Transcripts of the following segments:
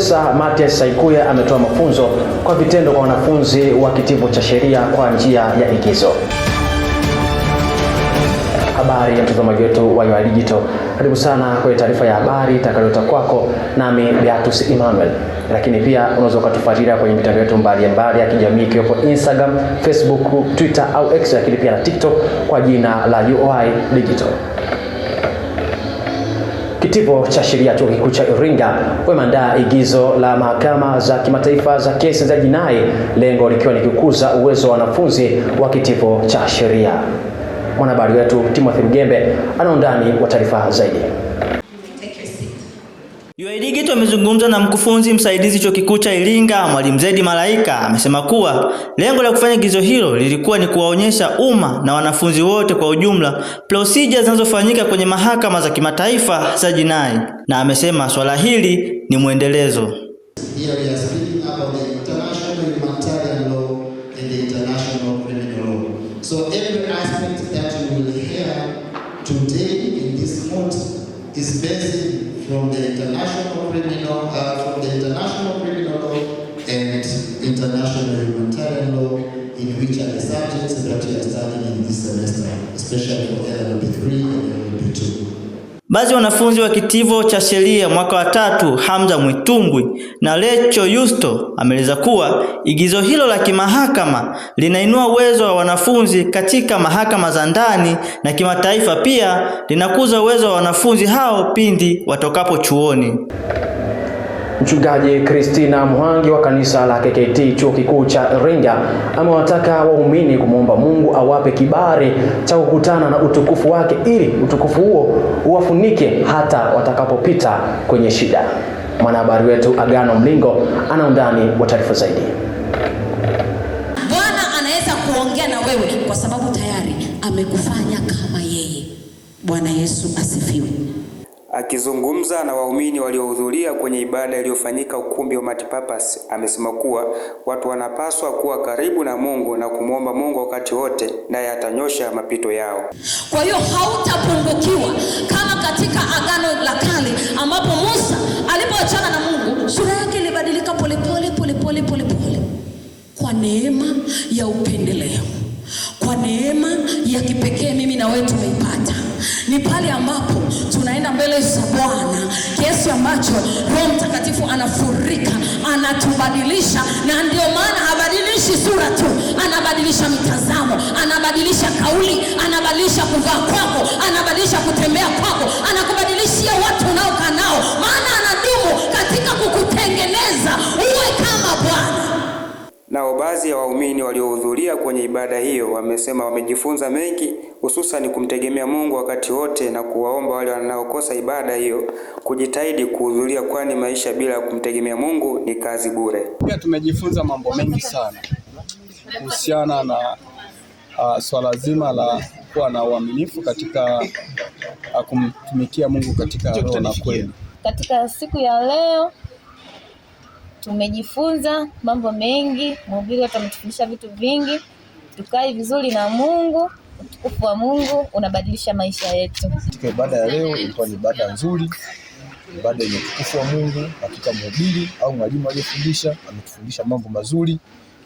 Profesa Mathias Saikuya ametoa mafunzo kwa vitendo kwa wanafunzi wa kitivo cha sheria kwa njia ya igizo. Habari ya mtazamaji wetu wa UoI Digital, karibu sana kwenye taarifa ya habari itakayoleta kwako, nami Beatus Emmanuel. Lakini pia unaweza ukatufuatilia kwenye mitandao yetu mbalimbali ya kijamii ikiwepo Instagram, Facebook, Twitter au X, lakini pia na TikTok kwa jina la ui Digital. Kitivo cha sheria chuo kikuu cha Iringa wameandaa igizo la mahakama za kimataifa za kesi za jinai, lengo likiwa ni kukuza uwezo wa wanafunzi wa kitivo cha sheria. Mwanahabari wetu Timothy Mgembe ana undani wa taarifa zaidi. UoI Geto amezungumza na mkufunzi msaidizi chuo kikuu cha Iringa, Mwalimu Zedi Malaika, amesema kuwa lengo la kufanya gizo hilo lilikuwa ni kuwaonyesha umma na wanafunzi wote kwa ujumla procedures zinazofanyika kwenye mahakama za kimataifa za jinai, na amesema swala hili ni mwendelezo is based from the international criminal uh, from the international criminal law and international humanitarian law in which are the subjects that we are studying in this semester, especially for LLB 3 and LLB 2. Baadhi ya wanafunzi wa kitivo cha sheria mwaka wa tatu Hamza Mwitumbwi na Lecho Yusto ameeleza kuwa igizo hilo la kimahakama linainua uwezo wa wanafunzi katika mahakama za ndani na kimataifa, pia linakuza uwezo wa wanafunzi hao pindi watokapo chuoni. Mchungaji Christina Mwangi wa kanisa la KKKT chuo kikuu cha Iringa amewataka waumini kumwomba Mungu awape kibali cha kukutana na utukufu wake ili utukufu huo uwafunike hata watakapopita kwenye shida. Mwanahabari wetu Agano Mlingo ana undani wa taarifa zaidi. Bwana anaweza kuongea na wewe kwa sababu tayari amekufanya kama yeye. Bwana Yesu asifiwe. Akizungumza na waumini waliohudhuria kwenye ibada iliyofanyika ukumbi wa Matipapas, amesema kuwa watu wanapaswa kuwa karibu na Mungu na kumwomba Mungu wakati wote, naye atanyosha mapito yao. Kwa hiyo hautapungukiwa kama katika Agano la Kale ambapo Musa alipoachana na Mungu, sura yake ilibadilika polepole polepole polepole kwa neema ya upendeleo kwa neema ya kipekee mimi na wewe tumeipata ni pale ambapo tunaenda mbele za Bwana kiasi ambacho Roho Mtakatifu anafurika, anatubadilisha. Na ndio maana habadilishi sura tu, anabadilisha mitazamo, anabadilisha kauli, anabadilisha kuvaa kwako, anabadilisha kutembea kwako, anakubadilishia watu unaokaa nao maana baadhi ya waumini waliohudhuria kwenye ibada hiyo wamesema wamejifunza mengi, hususan kumtegemea Mungu wakati wote na kuwaomba wale wanaokosa ibada hiyo kujitahidi kuhudhuria, kwani maisha bila kumtegemea Mungu ni kazi bure. Pia tumejifunza mambo mengi sana kuhusiana na uh, swala zima la kuwa na uaminifu katika uh, kumtumikia Mungu katika roho na kweli. Katika siku ya leo Tumejifunza mambo mengi, mhubiri wetu ametufundisha vitu vingi. Tukae vizuri na Mungu. Utukufu wa Mungu unabadilisha maisha yetu. Katika ibada ya leo, ilikuwa ni ibada nzuri, ibada yenye utukufu wa Mungu. Katika mhubiri au mwalimu aliyefundisha ametufundisha mambo mazuri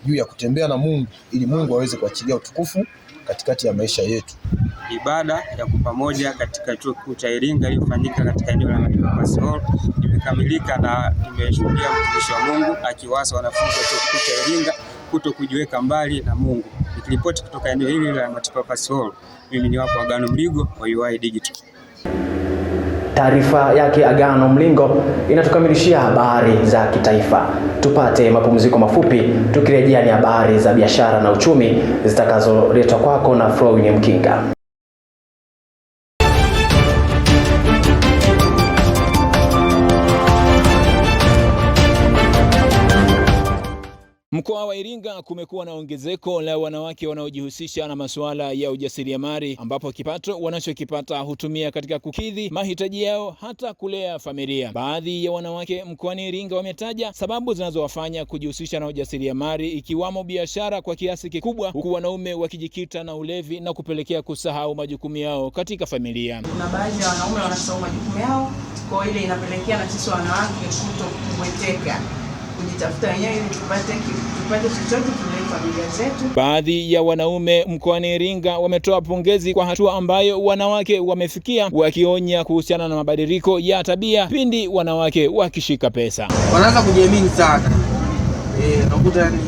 juu ya kutembea na Mungu ili Mungu aweze kuachilia utukufu katikati ya maisha yetu. Ibada ya kupamoja katika Chuo Kikuu cha Iringa iliyofanyika katika eneo la Matipasi Hall imekamilika na imeshuhudia mtumishi wa Mungu akiwasa wanafunzi wa Chuo Kikuu cha Iringa kuto kujiweka mbali na Mungu. Nikiripoti kutoka eneo hili la Matipasi Hall, mimi ni wapo Agano Mligo wa UoI Digital. Taarifa yake Agano Mlingo inatukamilishia habari za kitaifa. Tupate mapumziko mafupi, tukirejea ni habari za biashara na uchumi zitakazoletwa kwako na Flowin Mkinga. Mkoa wa Iringa kumekuwa na ongezeko la wanawake wanaojihusisha na masuala ya ujasiriamali ambapo kipato wanachokipata hutumia katika kukidhi mahitaji yao hata kulea familia. Baadhi ya wanawake mkoani Iringa wametaja sababu zinazowafanya kujihusisha na ujasiriamali ikiwamo biashara kwa kiasi kikubwa, huku wanaume wakijikita na ulevi na kupelekea kusahau majukumu yao katika familia. Kuna baadhi ya wanaume wanasahau majukumu yao, kwa ile inapelekea na sisi wanawake kuto kujitafuta wenyewe tupate tupate chochote kile familia zetu. Baadhi ya wanaume mkoani Iringa wametoa pongezi kwa hatua ambayo wanawake wamefikia, wakionya kuhusiana na mabadiliko ya tabia pindi wanawake wakishika pesa. Wanaanza kujiamini sana. Eh, nakuta ni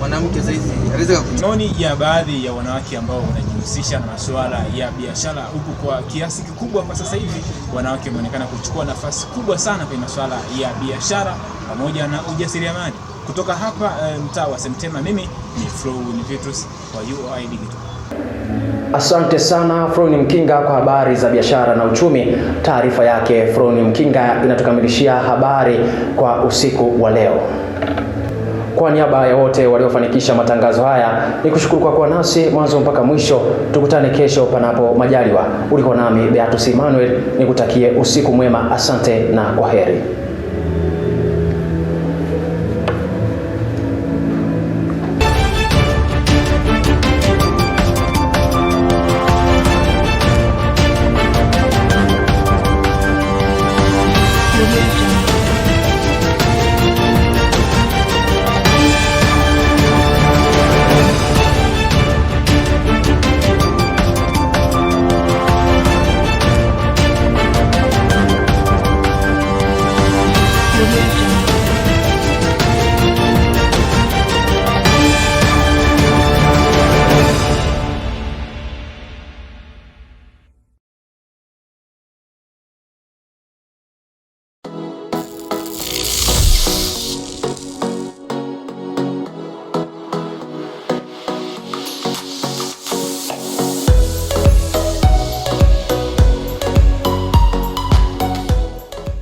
mwanamke saizi anaweza kujioni ya baadhi ya wanawake ambao wana kujihusisha na masuala ya biashara, huku kwa kiasi kikubwa kwa sasa hivi wanawake wameonekana kuchukua nafasi kubwa sana kwenye masuala ya biashara pamoja na ujasiriamali. Kutoka hapa eh, mtaa wa Semtema, mimi ni Frowin Vitus wa UoI Digital. Asante sana Froni Mkinga kwa habari za biashara na uchumi. Taarifa yake Froni Mkinga inatukamilishia habari kwa usiku wa leo. Kwa niaba ya wote waliofanikisha matangazo haya, ni kushukuru kwa kuwa nasi mwanzo mpaka mwisho. Tukutane kesho panapo majaliwa. Ulikuwa nami Beatus Emmanuel, nikutakie usiku mwema. Asante na kwaheri.